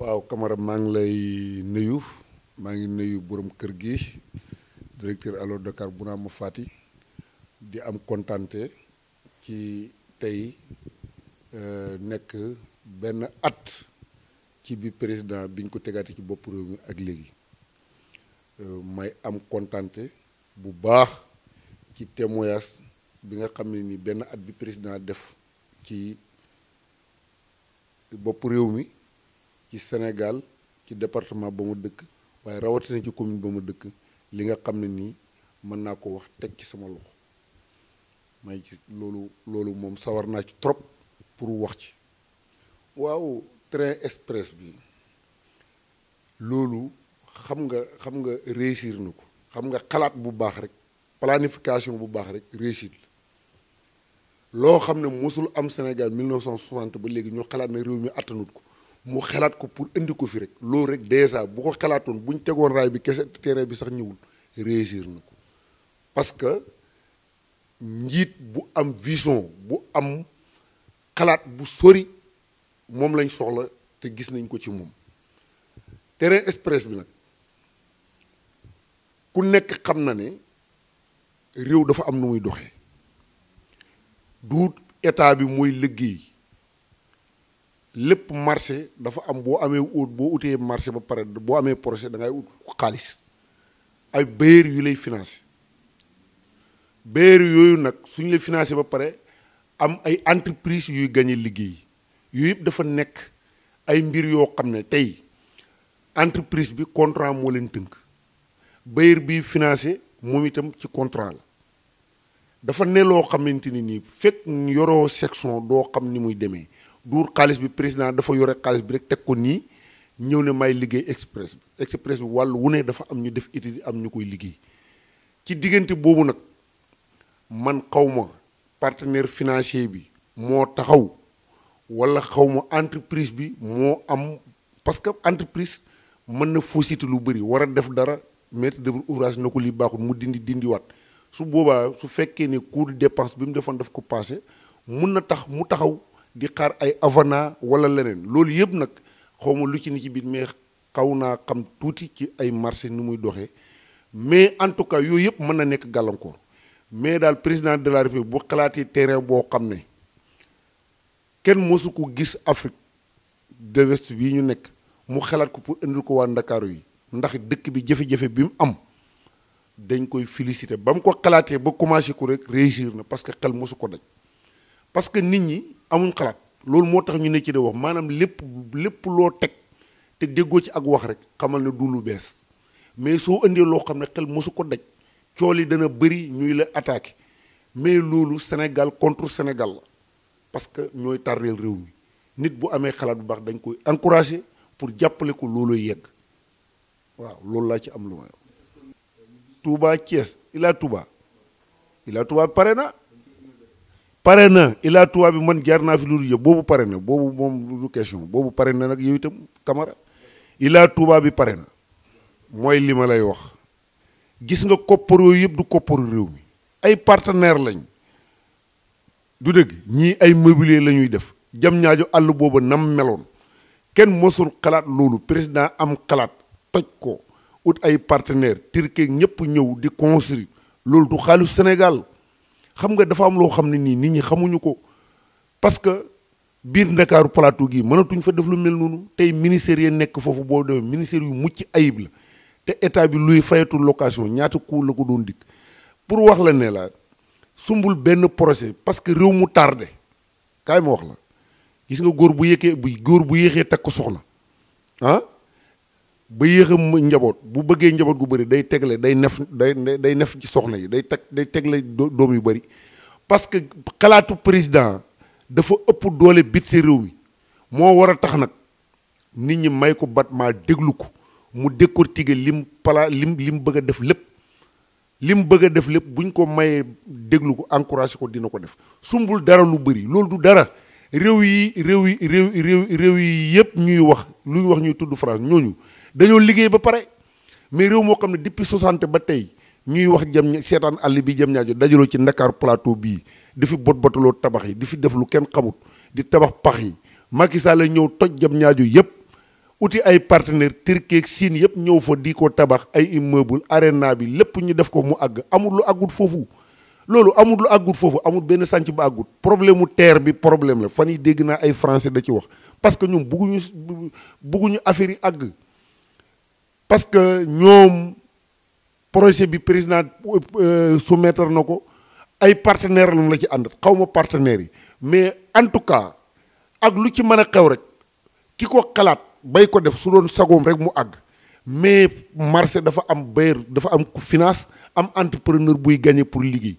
waaw kamara maa ngi lay nuyu maa ngi nuyu borom kër gi directeur Allo Dakar Bounama Fati di am kontante ci tey euh, nekk benn at ci bi président biñ ko tegaate ci bopp réew mi ak léegi euh, may am kontante bu baax ci témoignage bi nga xam ne nii benn at bi président def ci bopp réew mi ci Sénégal ci département ba ma dëkk waaye rawatina ci commune ba ma dëkk li nga xam ne nii mën naa ko wax teg ci sama loxo may ci loolu loolu moom sawar naa ci trop pour wax ci waaw train express bi loolu xam nga xam nga réussir na ko xam nga xalaat bu baax rek planification bu baax rek réussite la loo xam ne mosul am Sénégal 1960 ba léegi ñu xalaat ne réew mi attanut ko mu xalaat ko pour indi ko fi rek loolu rek dèjà bu ko xalaatoon bu ñu tegoon raay bi kese terrain bi sax ñëwul réussir na ko parce que njiit bu am vision bu am xalaat bu sori moom lañ soxla te gis nañ ko ci moom tere express bi nag ku nekk xam na ne réew dafa am nu muy doxee duut état bi mooy liggéey lépp marché dafa am boo amee ut boo utee marché ba pare boo amee projet da ngay ut xaalis ay bailleurs yu lay finance bailleurs yooyu nag suñu lay financé ba pare am ay entreprise yuy gagné liggéey yooyu yëpp dafa nekk ay mbir yoo xam ne tey entreprise bi contrat moo leen tënk bailleur bi financé moom itam ci contrat la dafa ne loo xamante ni nii fekk yoroo section doo xam ni muy demee duur xaalis bi président dafa yore xaalis bi rek teg ko nii ñëw ne may liggéey express bi express bi wàllu wu ne dafa am ñu def étude am ñu koy liggéey ci diggante boobu nag man xawma partenaire financier bi moo taxaw wala xawma entreprise bi moo am parce que entreprise mën na fausité lu bëri war a def dara maître d'œuvre ouvrage na ko li baaxul mu dindi dindiwaat su boobaa su fekkee ne coût de bi mu defoon def ko passé mun na tax mu taxaw di xaar ay avana wala leneen loolu yëpp nag xaw ma lu ci ni ci biir mais xaw naa xam tuuti ci ay marché ni muy doxee mais en tout cas yooyu yëpp mën na nekk gàllankoor mais daal président de la république bu xalaatee terrain boo xam ne kenn mosu ko gis Afrique devest l'Ouest bii ñu nekk mu xalaat ko pour indil ko waa Ndakaaru yi ndax dëkk bi jafe-jafe bi mu am dañ koy féliciter bam ko xalaatee ba commencé ko rek réagir na parce que xel mosu ko daj parce que nit ñi amuñ xalaat lool motax ñu ne ci di wax manam lepp lepp lo tek te déggo ci ak wax rek xamal na du lu mais so indee lo xamné ne xel mosu ko daj cioli yi dana bëri ñuy la attaquer mais loolu Sénégal contre Sénégal la parce que ñooy tarrel réew mi nit bu amé xalaat bu baax dañ koy encourager pour jappalé ko looloo yegg waaw loolu la ci am lu Touba Thiès Ila Touba Ila Touba pare na pare na Ila Touba bi man jaar naa fi loolu yëpp boobu pare na boobu moom lu question boobu pare na nag yow itam Camara Ila Touba bi pare na mooy li ma lay wax gis nga koppar yooyu yëpp du kopparu réew mi ay partenaire lañ du dégg ñii ay mobilier la ñuy def jam ñaajo àll boobu nam meloon kenn mosul xalaat loolu président am xalaat toj ko ut ay partenaire turquie ñëpp ñew di construire lool du xaalis Sénégal xam nga dafa am lo xamni ni nit ñi xamuñu ko parce que biir ndakaaru plateau gi mënatuñ fa def lu mel noonu tay ministère yi nekk foofu boo demee ministère yu mucc ayib la te état bi luy fayatu location ñaata coût la ko doon dikk pour wax la né la sumbul ben projet parce que rew mu tardé kay mo wax la gis nga gor bu yéké bu gor bu yéexee takk soxna hein ba yéex a njaboot bu bëggee njaboot gu bëri day tegle day nef day day nef ci soxna yi day teg day tegle doom yu bëri parce que xalaatu président dafa ëpp doole bit si réew mi moo war a tax nag nit ñi may ko bat maa déglu ko mu décortiquer lim pala lim lim bëgg a def lépp lim bëgg a def lépp buñ ko mayee déglu ko encouragé ko dina ko def sumbul dara lu bëri loolu du dara réew yi réew yi réew réew réew yi yëpp ñuy wax lu ñu wax ñuy tudd France ñooñu dañoo liggéey ba pare mais réew moo xam ne depuis 60 ba tey ñuy wax jëm seetaan alli bi jëm ñaajo dajaloo ci Ndakaaru plateau bii di fi bot botaloo tabax yi di fi def lu kenn xamut di tabax pax yi Macky Sall la ñëw toj jëm ñaajo yëpp uti ay partenaire Turquie ak Chine yëpp ñëw fa di ko tabax ay immeuble arena bi lépp ñu def ko mu àgg amul lu àggut foofu loolu amul lu àggut foofu amul benn sànc ba àggut problème mu terre bi problème la fan yi dégg naa ay français da ci wax parce que ñoom bugguñu bugguñu affaire yi àgg parce que ñoom projet bi président su euh, soumettre na ko ay partenaire lu la ci ànd xaw ma partenaires yi mais en tout cas ak lu ci mën a xew rek ki ko xalaat bay ko def su doon sagoom rek mu àgg mais marché dafa am bailleur dafa am ku finance am entrepreneur buy gagné pour liggéey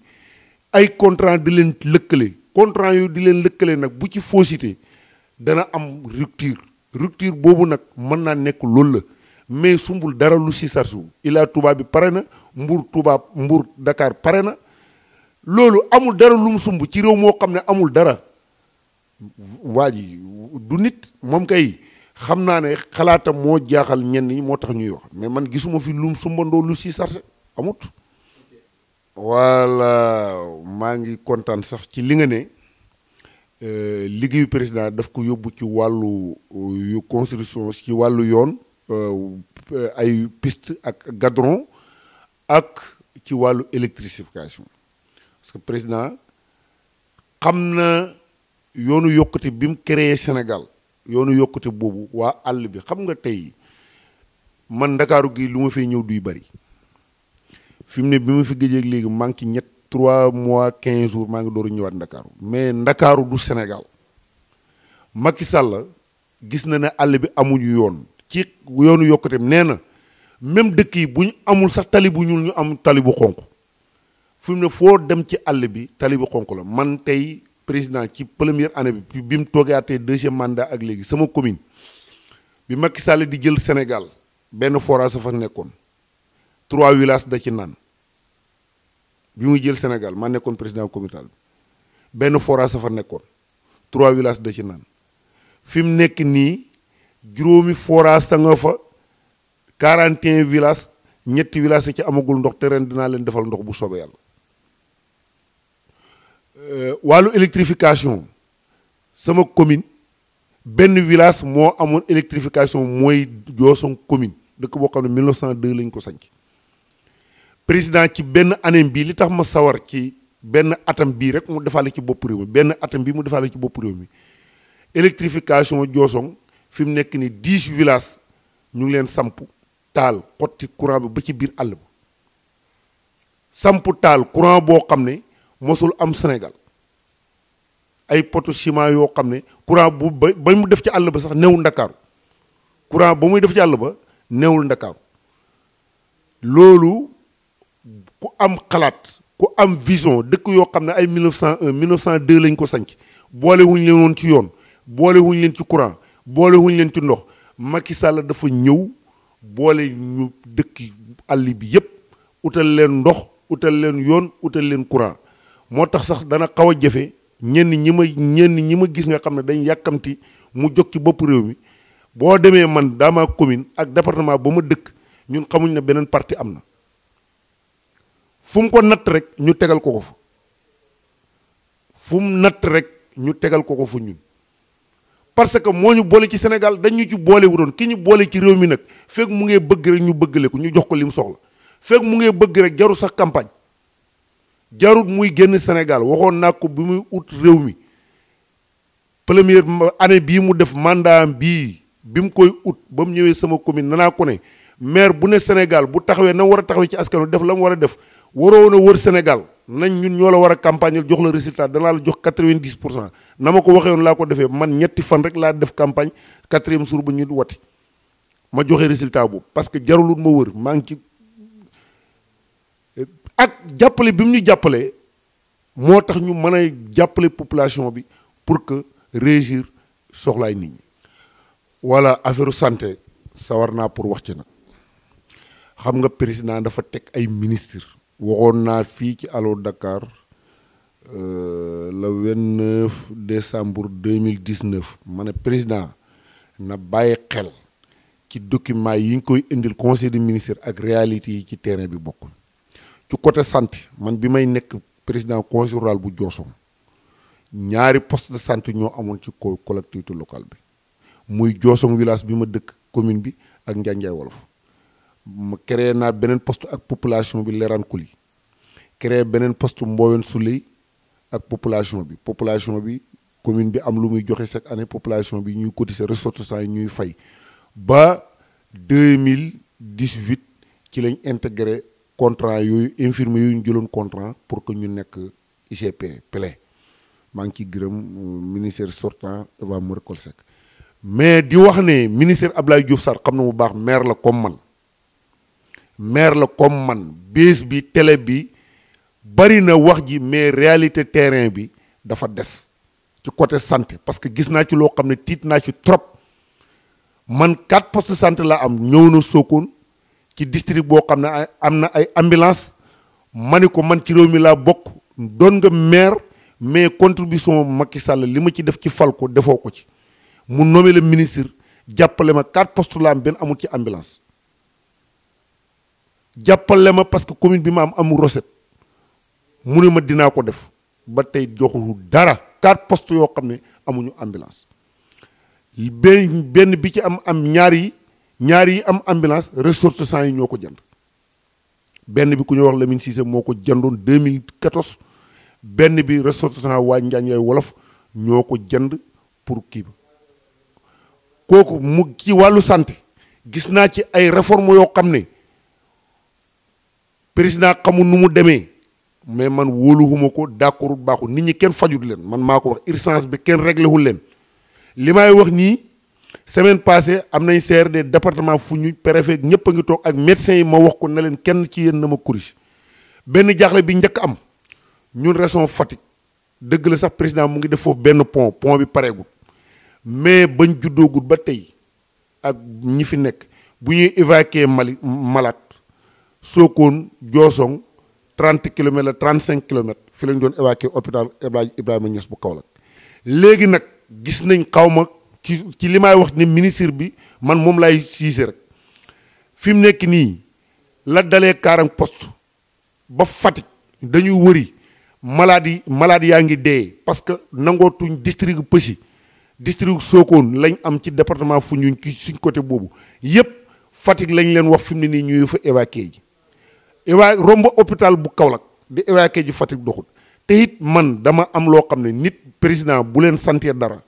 ay contrat di leen lëkkale contrant yu di leen lëkkale nag bu ci fausseté dana am rupture rupture boobu nag mën naa nekk loolu la mais sumbul dara lu si sarsu Ila Touba bi pare na Mbour tubaab Mbour dakaar pare na loolu amul dara lu sumb ci réew moo xam ne amul dara waa ji du nit moom kay xam naa ne xalaatam moo jaaxal ñenn ñi moo tax ñuy wax mais man gisuma fi lu sumbandoo lu si sarse amut voilà maa ngi kontaan sax ci li nga ne euh, liggéeyu président def ko yóbbu ci wàllu yu euh, construction ci wàllu yoon Euh, ay piste ak gadron ak ci wàllu électrification parce que président xam na yoonu yokkute bi mu créé Sénégal yoonu yokkute boobu waa àll bi xam nga tey man ndakaaru gi lu ma fay ñëw duy bari fi mu ne bi ma fi gëjee léegi maa ngi ñett trois mois quinze jours maa ngi dooru ñëwaat ndakaaru mais ndakaaru du Sénégal Macky Sall gis na ne àll bi amuñu yoon ci yoonu yokkuteem nee na même dëkk yi bu ñu amul sax tali bu ñuul ñu am tali bu xonq fi mu ne foo dem ci àll bi tali bu xonq la man tey président ci première année bi bi mu toogaatee deuxième mandat ak léegi sama commune bi Macky Sall di jël Sénégal benn forage sa fa nekkoon trois villages da ci naan bi muy jël Sénégal ma nekkoon président communal bi benn forage sa fa nekkoon trois villages da ci naan fi nekk nii juróomi forage sa nga fa 41 villages ñetti villages yi ci amagul ndox te ren dinaa leen defal ndox bu soobee yàlla euh, wàllu électrification sama commune benn village moo amoon électrification mooy Diossong commune dëkk boo xam ne 1902 lañ ko sanc président ci benn année bii li tax ma sawar ci benn atam bii rek mu defaale ci bopp réew mi benn atam bii mu defaale ci boppu réew mi électrification Diossong fi mu nekk ni dix villages ñu ngi leen samp taal xotti courant bi ba ci biir àll ba samp taal courant boo xam ne mosul am Sénégal ay poto ciment yoo xam ne courant bu ba ba mu def ci àll ba sax newul ndakaaru courant ba muy def ci ba newul ndakaaru loolu ku am xalaat ku am vision dëkk yoo xam ne ay 1901 1902 lañ ko sanc boolewuñ leen woon ci yoon boolewuñ leen ci courant boole wuñ leen ci ndox Macky Sall dafa ñëw boole ñu dëkk àll bi yëpp utal leen ndox utal leen yoon utal leen courant moo tax sax dana xaw a jafe ñenn ñi ma ñenn ñi ma gis nga xam ne dañ yàkkamti mu jog ci bopp réew mi boo demee man dama commune ak département ba ma dëkk ñun xamuñ ne beneen parti am na fu ko natt rek ñu tegal ko ko fa fu natt rek ñu tegal ko ko fa ñun parce que moo ñu boole ci Sénégal dañ ñu ci boole wuroon ki ñu boole ci réew mi nag fekk mu ngee bëgg rek ñu bëgg ko ñu jox ko li mu soxla fekk mu ngee bëgg rek jarul sax campagne jarut muy génn Sénégal waxoon naa ko bi muy ut réew mi première année bii mu def mandat bii bi mu koy ut ba mu ñëwee sama commune nanaa ko ne maire bu ne Sénégal bu taxawee na war a taxawee ci askan wi def la mu war a def waroon a wër Sénégal nañ ñun ñoo la war a campagne jox la résultat danaa la jox quatre-vingt-dix pour cent na ma ko waxee woon laa ko defee man ñetti fan rek laa def campagne quatrième jour bu ñu wati ma joxe résultat boobu parce que jarulul ma wër maa ngi ci ak jàppale bi mu ñu jàppale moo tax ñu mën a jàppale population bi pour que réagir soxlaay nit ñi. voilà affaire santé sawar naa pour wax ci na xam nga président dafa teg ay ministre waxoon naa fii ci Allo Dakar. Euh, le 29 décembre 2019 ma ne président na bàyyi xel ci document yi ñu koy indil conseil des ministres ak réalité yi ci terrain bi bokk ci côté santé man bi may nekk président conseil rural bu Diossong ñaari poste de santé ñoo amoon ci collectivité locale bi muy Diossong village bi ma dëkk commune bi ak Njaanjaay Wolof ma créé naa beneen poste ak population bi Lerane Kuli créé beneen poste Mbowen Souley ak population bi population bi commune bi am lu muy joxe chaque année population bi ñuy cotiser ressources yi ñuy fay ba 2018 ci lañ intégré contrat yooyu infirmiers yu ñu contrat pour que ñu nekk ICP plein maa ngi ciy gërëm euh, ministère sortant va me Coll mais di wax né ministère Abdoulaye Diouf Sarr xamna mu baax maire la comme man maire la comme man BIS, bi télé bi bari na wax ji mais réalité terrain bi dafa dess ci côté santé parce que gis na ci lo xam tit na ci trop man quatre postes de santé la am ñëw na ci district bo xam amna am na ay ambulance maniko ko man ci réew mi laa bokk don nga maire mais contribution Macky Sall lima ci def ci fal defo ko ci mu nommé le ministre jàppale ma quatre postes la am ben amul ci ambulance jàppale ma parce que commune bi ma am amul recette mu ne ma dinaa ko def ba tey joxu dara quatre post yoo xam ne amuñu ambulance benn bi ci am am ñaari yi ñaar yi am ambulance ressortissants yi ñoo ko jënd benn bi ku ñuy wax Lamine Cissé moo ko jëndoon 2014 benn bi ressortissant waa Njaañ yooyu wolof ñoo ko jënd pour kii bi kooku mu ci wàllu santé gis naa ci ay réformes yoo xam ne président xamul nu mu demee mais man wóoluwuma ko d'accordut baaxul nit ñi kenn fajut leen man maa ko wax urgence bi kenn réglé wul leen li may wax nii semaine passé am nañ CRD département fu ñu préfet ñëpp a ngi toog ak médecins yi ma wax ko ne leen kenn ci yéen na ma corrige benn jaaxle bi njëkk am ñun région Fatick dëgg la sax président mu ngi def foofu benn pont pont bi pareegul mais bañ juddoogul ba tey ak ñi fi nekk bu ñuy évacuer mali malade Sokone Diossong 30 kilomètres la 35 kilomètres fi lañ doon évacuer hôpital Ibrahima Niass bu Kaolack léegi nag gis nañ xaw ma ci ci li may wax ni ministre bi man moom lay siise rek fi mu nekk nii la dalee Karang post ba Fatick dañuy wëri maladie maladie yaa ngi dee parce que nangootuñ district Passy district Sokone lañ am ci département Foundiougne ci suñ côté boobu yépp Fatick lañu leen wax fi mu ne nii ñuy fa évacuer ji Iwa rombo hôpital bu kaolak di ke ji fatik doxut te hit man dama am lo xamne nit president bu len santé dara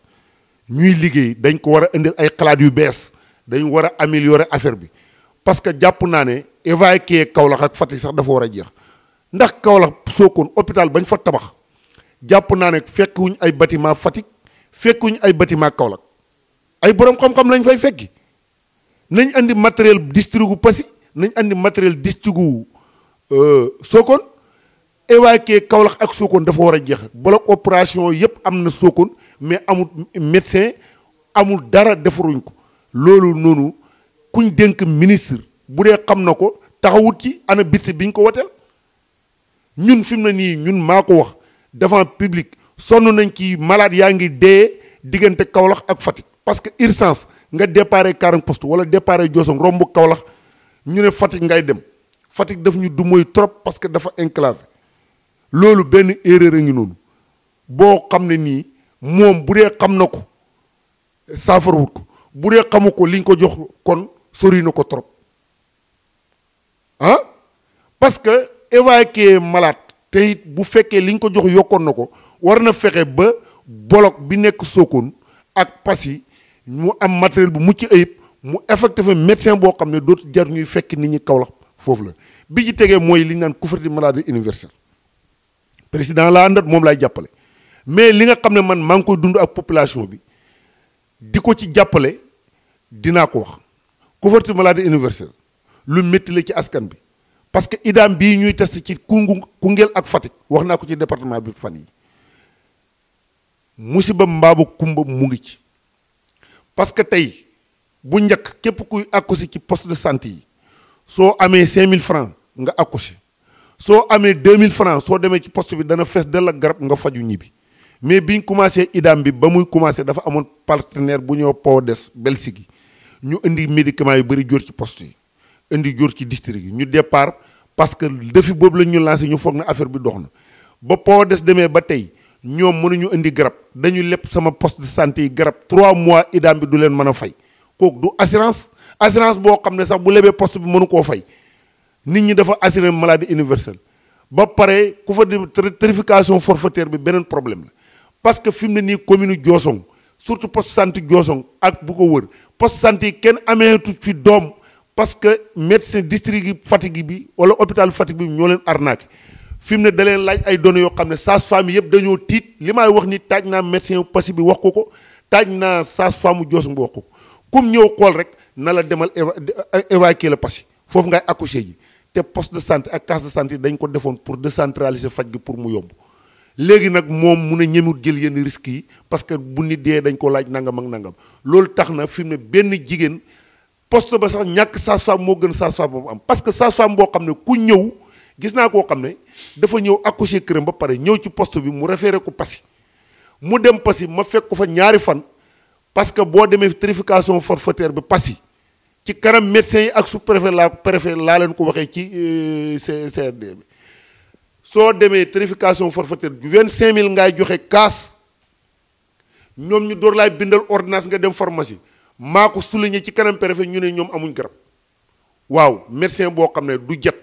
ñuy liggéey dañ ko wara andil ay xalaat yu bees dañ war a améliorer affaire bi parce que na né ne ke kaolak ak fatik sax dafa wara jeex ndax kaolak sokon hôpital bañ fa tabax japp na né fekkuñ ay bâtiment fatik fekkuñ ay bâtiment kaolak ay borom xam-xam lañ fay fekki nañ andi matériel distribu nañ andi matériel distribu soo euh, Sokone évacuer Kaolack ak Sokone dafa war a jeex bloc opération yëpp am na Sokone mais amul médecin amul dara defaruñ ko loolu noonu kuñ dénk ministre bu dee xam na ko taxawut ci ana bitsi biñ ko woteel ñun fi mu ne nii ñun maa ko wax devant public sonn nañ ci malade yaa ngi dee diggante kawlax ak Fatick parce que ursance nga déparé Karang Poste wala déparé Diossong romb Kaolack ñu ne Fatick ngay dem Fatik daf ñu du mooy trop parce que dafa enclavé loolu benn erreur a ngi bo boo ni mom nii kam bu dee ko ko kon sori na trop ah parce que évacuer malade te bu feke liñ ko jox yokkoon na warna war bolok bi nekk ak pasi mu am matériel bu mucc ayib mu effectif médecin bo xam ne jar ñuy fekk nit ñi kawlax foofu la bi ci tegee mooy li ñu naan couverture maladie universelle président laa àndat moom laay jàppale mais li nga xam ne man maa ngi koy dund ak population bi di ko ci jàppale dinaa ko wax couverture malade universelle lu métti la ci askan bi parce que idaam bii ñuy test ci kungu Koungheul ak Fatick wax naa ko ci département bi fan yi musiba mbaaba kumba mu ngi ci parce que tey bu njëkk képp kuy àkku si ci poste de santé yi soo amee 5000 francs nga accouché soo amee 2000 francs soo demee ci poste bi dana fees de la garab nga faju ñibi mais biñ commencé idam bi ba muy commencé dafa amoon partenaire bu ñëw des Belgique ñu indi médicament yu bëri jóor ci poste yi indi jóor ci district yi ñu départ parce que défi boobu la ñu lancé ñu foog na affaire bi dox na ba des demee ba tey ñoom mënuñu indi garab dañu lépp sama poste de santé yi garab 3 mois idam bi du leen mën a fay kooku du assurance assurance boo xam ne sax bu lebee post bi mënu koo fay nit ñi dafa assurer maladie universelle ba pare ku fa di tarification forfaitaire bi beneen problème la parce que fi mu ne nii commune Diossong surtout post santé Diossong ak bu ko wër poste santé yi kenn ameetu fi doom parce que médecin district Fatick bi wala hôpital Fatick bi ñoo leen arnaqué fi mu ne daleen laaj ay données yoo xam ne sage-femme yëpp dañoo tiit li maay wax ni taaj naa médecin Passy bi wax ko ko taaj naa sage-femme Diossong bi comme ñëw xool rek. nala demal évacuer le Passy foofu ngay accoucher ji te poste de santé ak case de santé dañ ko defone pour décentraliser fajj pour mu yomb légui nak mom mun a jël yenn risque yi parce que bu nit dee dañ ko laaj nangam ak nangam loolu taxna na fi ne benn jigen poste ba sax ñak sage sa mo gën sage-femme am parce que sage-femme boo ne ku ñëw gis na ko xamné ne dafa ñëw accoucher kërëm ba paré ñëw ci poste bi mu référé ko Passy mu dem Passy ma fekk ko fa ñaari fan parce que bo demee trification forfaitaire bi Passy ci kanam médecins yi ak su préfet laa préfet laa leen ko waxee ci euh, soo demee tarification forfaitaire vingt cinq mille ngay joxe kaas ñoom ñu door laay bindal ordonnance nga dem pharmacie maa ko souligné ci kanam préfet ñu ne ñoom amuñ garab waaw médecin boo xam ne du jet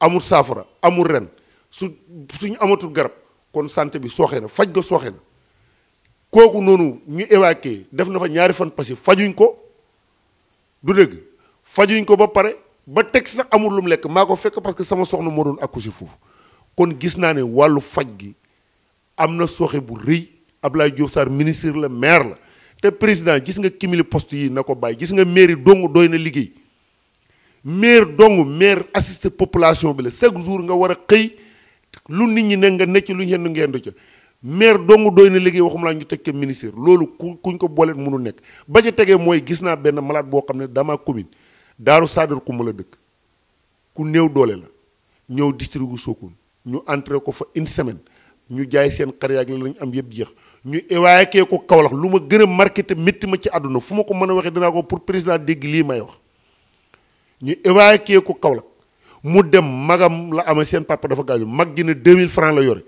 amul saafara amul ren su suñu amatul garab kon santé bi sooxe na faj ga sooxe na kooku noonu ñu évacué def na fa ñaari fan passé fajuñ ko du dëgg fajuñ ko ba pare ba teg sax amul lu lekk maa ko fekk parce que sama soxna moo doon accouché foofu kon gis naa ne wàllu faj gi am na sooxe bu rëy Abdoulaye Diouf saar ministre la maire la te président gis nga kimili post yi na ko bàyyi gis nga maire yi dong doy na liggéey maire dong maire assisté population bi la chaque jour nga war a xëy lu nit ñi ne nga nekk lu ñu yendu ngeen ca maire dong doy na liggéey waxum laa ñu teg ke ministère loolu ku kuñ ko booleet mënul nekk ba ca tegee mooy gis naa benn malaat boo xam ne dama commune daaru saadar ku ma la dëkk ku néew doole la ñëw district Sokone ñu entré ko fa une semaine ñu jaay seen xar yaag la lañ am yëpp jeex ñu évacué ko Kaolack lu ma gën a marqué te métti ma ci àdduna fu ma ko mën a waxee dinaa ko pour président dégg lii may wax ñu évacué ko Kaolack mu dem magam la amee seen papa dafa gaañu mag ji ne 2000 francs la yore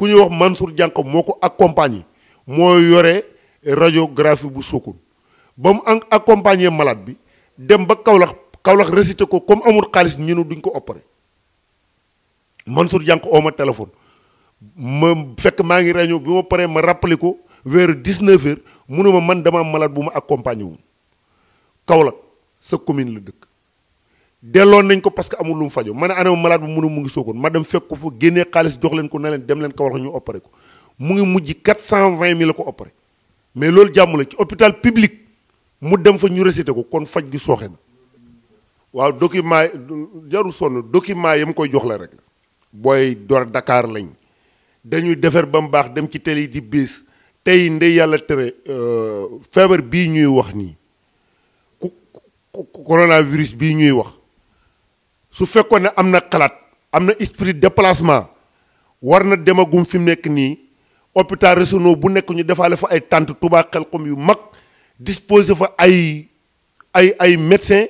ku ñuy wax Mansour Dianka moo ko ak accompagner moo yore radiographie bu Sokone ba mu en accompagner malade bi dem ba kawlax Kaolack récité ko comme amul xaalis ñu ne duñ ko opéré Mansour Dianka oo ma téléphone ma fekk maa ngi réunion bi ma paree ma rappelé ko vers 19 heures mu ne ma man dama am bu ma accompagner wu Kaolack sa commune la dëkk. delloon nañ ko parce que amul lu mu fajo man a anam malade bu mënu mu ngi soogoon ma dem fekk ko fa génnee xaalis jox leen ko na leen dem leen ko wax ñu opéré ko mu ngi mujj 420 mille la ko opéré mais loolu jàmm la ci hôpital public mu dem fa ñu récité ko kon faj gi sooxe na waaw document jarul sonn document yi mu koy jox la rek booy door Dakar lañ dañuy defar ba mu baax dem ci télé yi di bés tey ndey yàlla tere euh, feebar bii ñuy wax nii ku coronavirus bii ñuy wax su fekkoon ne am na xalaat am na esprit déplacement war na demagum fi mu nekk nii hôpital régionaux bu nekk ñu defaale fa ay tànt Touba Xelcom yu mag disposé fa ay ay ay médecin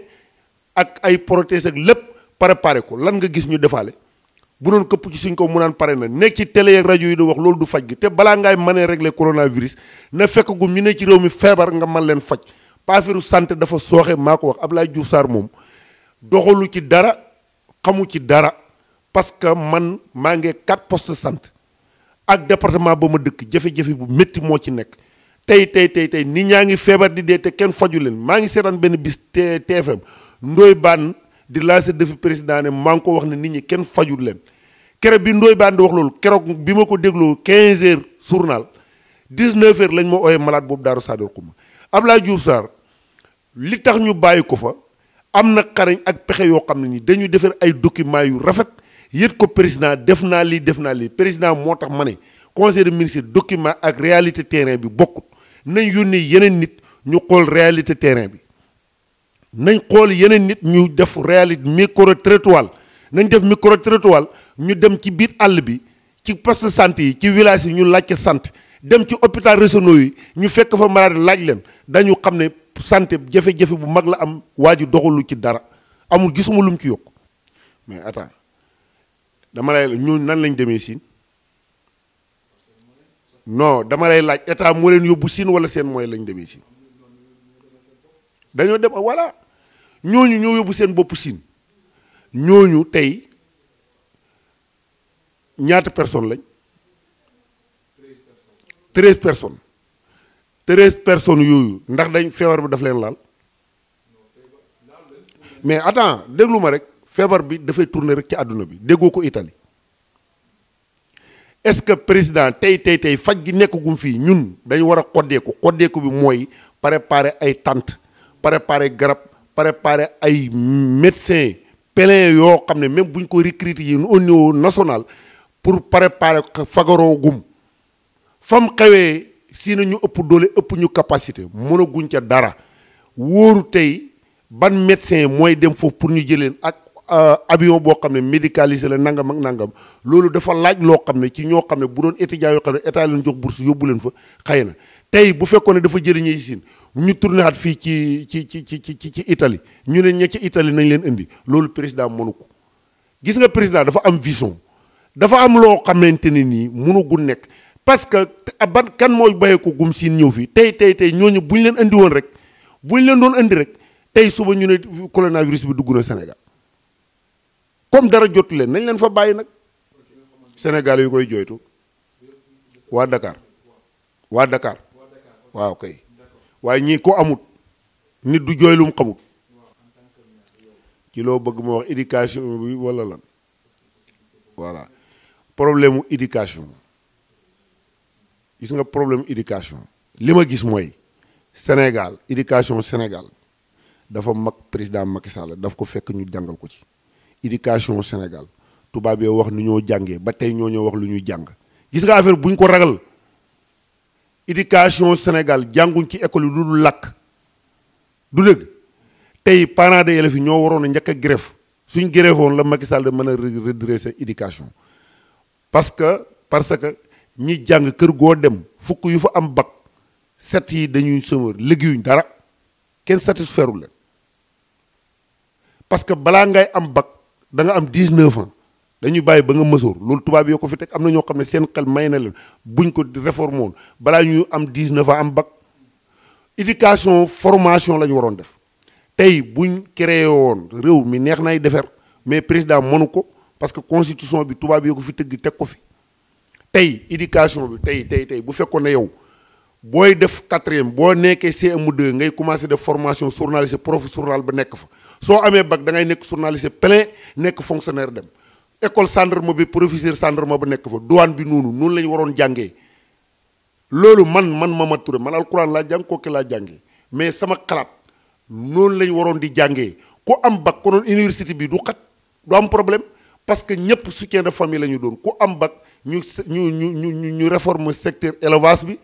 ak ay prothèse ak lépp préparé ko lan nga gis ñu defaale bu doon këpp ci suñ ko mu naan pare na nekk ci télé ak rajo yi di wax loolu du faj gi te balaa ngaay mënee régler coronavirus na fekk gum ñu ne ci réew mi feebar nga mën leen faj paafiru santé dafa sooxe maa ko wax Abdoulaye Diouf Sarr moom doxalu ci dara xamu ci dara parce que man maa ngi quatre post de ak departement ba ma dëkk jafe-jafe bu métti moo ci nekk tey tey tey tey nit ñaa ngi feebar di dee te kenn faju leen maa ngi seetaan benn bis te TFM Ndoye baan di lancer défi président ne maa ngi ko wax ne nit ñi kenn fajul leen keroog bi Ndoye Bane di wax loolu keroog bi ma ko dégloo 15 heures journal 19 heures lañ ma ooyee malade boobu Daaru Saador Kouma Abdoulaye Diouf Sarr li tax ñu bàyyi ko fa am na xariñ ak pexe yoo xam ne ni dañuy defar ay documents yu rafet yët ko président def naa lii def naa lii président moo tax ma ne conseil des ministres document ak réalité terrain bi bokkut nañ yónnee yeneen nit ñu xool réalité terrain bi nañ xool yeneen nit ñu def réalité micro trottoir nañ def micro trottoir ñu dem ci biir àll bi ci poste santé yi ci village yi ñu laajte sant dem ci hôpital régionaux yi ñu fekk fa malade laaj leen dañu xam ne santé jafe-jafe bu mag la am waa ji doxalu ci dara amul gisuma lu ci yokk mais attends dama lay ñu nan lañ demee siin non dama lay laaj état moo leen yóbbu siin wala seen mooy lañ demee siin dañoo dem voilà ñooñu ñoo yóbbu seen boppu siin ñooñu tey ñaata personnes lañ. treize personnes. treize personnes yooyu ndax dañ feebar bi daf leen laal mais attends déglu ma rek feebar bi dafay tourner rek ci àdduna bi déggoo ko Italie est-ce que président tey tey tey faj gi nekkagum fii ñun dañu war a xoddeeku xoddeeku bi mooy préparer ay tente préparer garab préparer ay médecin pélin yoo xam ne même buñ ñu ko recruter yi au niveau national pour préparer fagaroogum fam xewee sii na ñu ëpp doole ëpp ñu capacité mënaguñ ca dara wóoru tey ban médecin mooy dem foofu pour ñu jëleen ak euh, avion boo xam ne médicalisé la nangam ak nangam loolu dafa laaj loo xam ne ci ñoo xam ne bu doon étudiant yoo xam ne état leen jox bourse yóbbu leen fa xëy na tey bu fekkoon ne dafa jëriñee Chine ñu tourné at fii ci ci ci ci ci ci Italie ñu ne ña ca Italie nañ leen indi loolu président mënu ko gis nga président dafa am vision dafa am loo xamante ne nii mënu nekk. parce que ah, ban kan mooy bàyyeeku gum siin ñëw fii tey tey tey ñooñu bu ñu leen indi woon rek bu ñu leen doon andi rek tey suba ñu ne coronavirus bi dugg na Sénégal comme dara jotu leen nañ leen fa bàyyi nag Sénégal yu koy jooytu waa Dakar waa Dakar waaw kay waaye ñii ko amut nit du jooy lu mu xamut ci loo bëgg ma wax éducation bi walla lan voilà problème mu éducation. gis nga problème éducation li ma gis mooy Sénégal éducation Sénégal dafa mag président Macky Sall daf ko fekk ñu jàngal ko ci éducation Sénégal tuba bi wax ni ñoo jàngee ba tey ñoo ñoo wax lu ñuy jàng gis nga affaire buñ ko ragal éducation Sénégal jànguñ ci école yi lu dul làkk du dëgg tey parents d'élèves yi ñoo waroon a njëkk a grève suñ grève woon la Macky Sall mën a redresser éducation parce que parce que ñi jàng kër goo dem fukk yu fa am bac set yi dañuy sëmër liggéeyuñ dara kenn satisfaire la parce que balaa ngay am bac da nga am 19 ans dañuy bàyyi ba nga mësoor loolu tubaab yoo ko fi teg am na ñoo xam ne seen xel may na leen buñ ko réformé balaa am 19 ans am bac éducation formation la ñu waroon def tey buñ créé woon réew mi neex nay defer mais président mënu ko parce que constitution bi tubaab yoo ko fi tëgg teg ko fi. tey éducation bi tey tey tey bu fekkoon ne yow booy def quatrième boo nekkee CM2 ngay commencé def formation journaliste prof journal ba nekk fa soo amee bac dangay nekk journaliste plein nekk fonctionnaire dem école gendarmerie bi professeur gendarmerie ba nekk fa douane bi noonu noonu la ñu waroon jàngee loolu man man ma Touré man alxuraan laa jàng kooki laa jàngee mais sama xalaat noonu la ñu waroon di jàngee ku am bac konoon université bi du xat du problème parce que ñëpp soutien de famille la ñu doon ku am bac. ñu ñu ñu ñu ñu réforme secteur élevage bi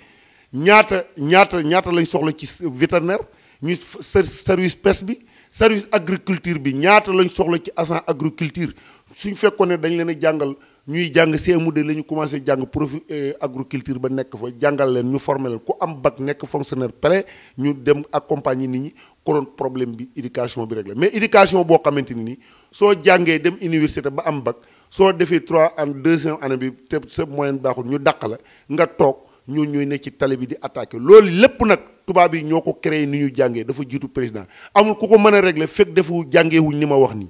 ñaata ñaata ñaata lañ soxla ci vétérinaire ñu service pêche bi service agriculture bi ñaata lañ soxla ci agent agriculture suñ fekkoon ne dañ leen a jàngal ñuy jàng CMD la ñu commencé jàng profil euh, agriculture ba nekk fa jàngal leen ñu former leen ku am bac nekk fonctionnaire pré ñu dem accompagner nit ñi doon problème bi éducation bi réglé mais éducation boo xamante ni soo jàngee dem université ba am bac soo defee trois ans deuxième année bi te sa moyenne ñu dàq la nga toog ñoo ñooy ne ci tali bi di attaqué loolu lépp nag tubaab yi ñoo ko créé ni ñu jàngee dafa jiitu président amul ku ko mën a régler fekk defu jàngeewuñ ni ma wax nii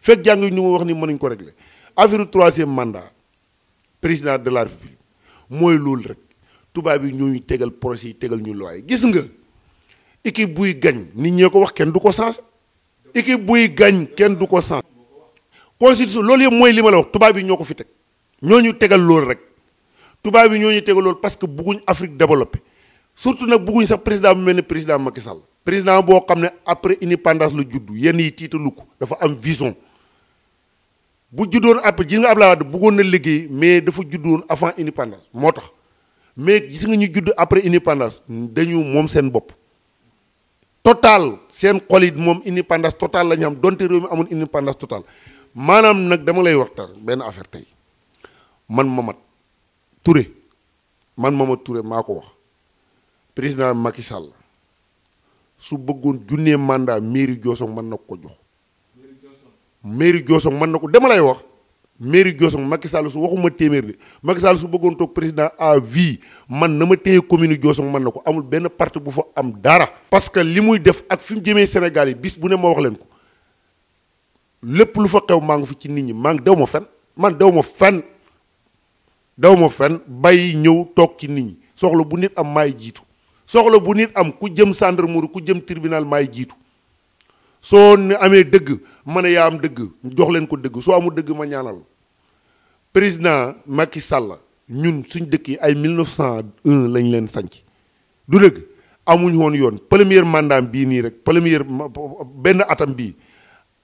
fekk jàngewuñ ni ma wax nii mënuñ ko régler affaire troisième mandat président de la république mooy loolu rek tubaab yi ñooñu tegal projet yi tegal ñu looy gis nga équipe buy gañ nit ñee ko wax kenn du ko sens équipe buy gañ kenn du ko sens constitution loolu moy mooy wax tubaab yi ñoko fi tek ñoo ñu tegal loolu rek tubaab yi ñoo ñu tegal loolu parce que bugguñ Afrique développé surtout nak bugguñ sax président bu melni président Macky Sall. président bo xamné après indépendance lu judd yenn yi tiitalu dafa am vision bu juddoon après gis nga Abdoulaye Wade na liggéey mais dafa juddoon avant indépendance motax mais gis nga ñu judd après indépendance dañu mom sen bop total sen xolit mom indépendance total la ñam donte rew mi amul indépendance total maanaam nag dama lay waxtaan benn affaire tey man Mamat Touré man Mamat ture maa ko wax président Macky Sall su bëggoon junnee mandat mairie Diossong mën na ko jox. mairie Diossong mën na ko dama lay wax mairie Diossong Macky Sall su waxuma téeméer de Macky su bëggoon toog président à vie man na ma téye commune Diossong mën na ko amul benn parti bu fa am dara. parce que li muy def ak fi mu jëmee Sénégal yi bis bu ne ma wax leen ko. lépp lu fa xew maa ngi fi ci nit ñi maa ngi daw ma fen man daw ma fen daw ma fen bay ñëw toog ci nit ñi soxla bu nit am maay jiitu soxla bu nit am ku jëm gendarmerie ku jëm tribunal maay jiitu soo ne amee dëgg ma ne yaa am dëgg jox leen ko dëgg soo amul dëgg ma ñaanal président Macky Sall ñun suñ dëkk yi ay 1901 lañ leen sanc du dëgg amuñ woon yoon premier mandat bii nii rek premier benn atam bii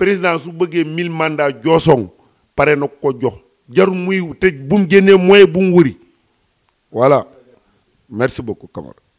président su bëggee mille mandat joosong pare na ko jox jarul muy te bu mu génnee moyen bu mu wëri voilà merci beaucoup Camara